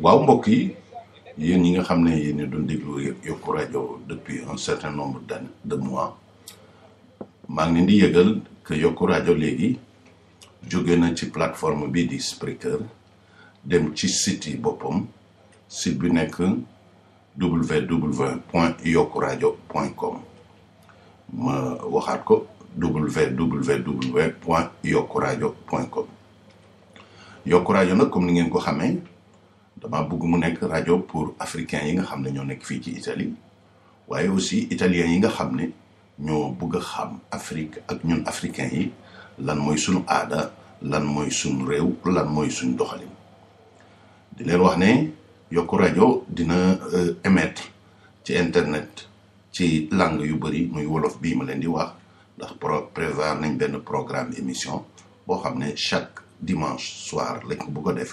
waaw mbokk yi ñi nga xam ne du a doon déglu yokku rajo depuis un certain nombre de mois maa ngi leen di yëgal que yokku rajo léegi jóge na ci plateforme bi di Spreaker dem ci site yi boppam site bi nekk www point yokku rajo point com ma waxaat ko www point yokku rajo point com yokku rajo nag comme ni ngeen ko xamee dama bëgg mu nekk rajo pour africains yi nga xam ne ñoo nekk fii ci Italie waaye aussi italiens yi nga xam ne ñoo bëgg a xam Afrique ak ñun africains yi lan mooy suñu aada lan mooy suñu réew lan mooy suñu doxalin di leen wax ne yokku rajo dina euh, émettre ci internet ci langue yu bëri muy wolof bii ma leen di wax ndax pro prévoir nañ benn programme émission boo xam ne chaque dimanche soir lañ ko bëgg a def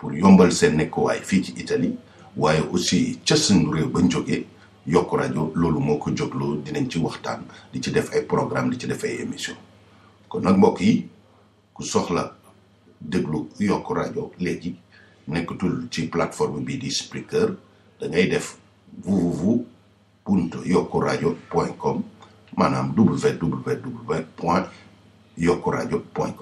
pour yombal seen nekkuwaay fii ci Italie waaye aussi ca suñu réew bañ jógee yokk rajo loolu moo ko jógloo dinañ ci waxtaan di ci def ay programme di ci def ay émission kon nag mbokk yi ku soxla déglu yokk rajo léegi nekkatul ci plateforme bii di Spreaker da ngay def www punto rajo point maanaam www point yokku rajo point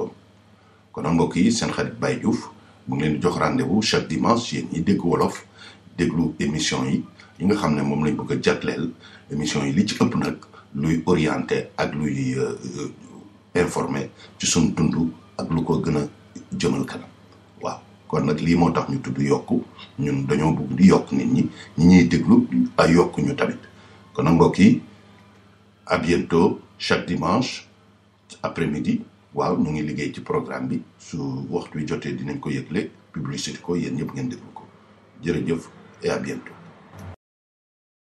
kon nag mbokk yi seen xarit Baye Diouf Nous avons rendez-vous chaque dimanche yéen ñi Nous wolof déglu émission yi une lañ bëgg émission yi li ci ëpp nag luy orienté ak luy euh, euh, informé ci dund ak lu ko a jëmal waaw kon tax ñu ñun dañoo di nit ñi à bientôt chaque dimanche après-midi waaw ñu ngi liggéey ci programme bi su waxtu wi jotee dinañ ko yëgle publicité ko yéen ñëpp ngeen déglu ko jërëjëf et à bientôt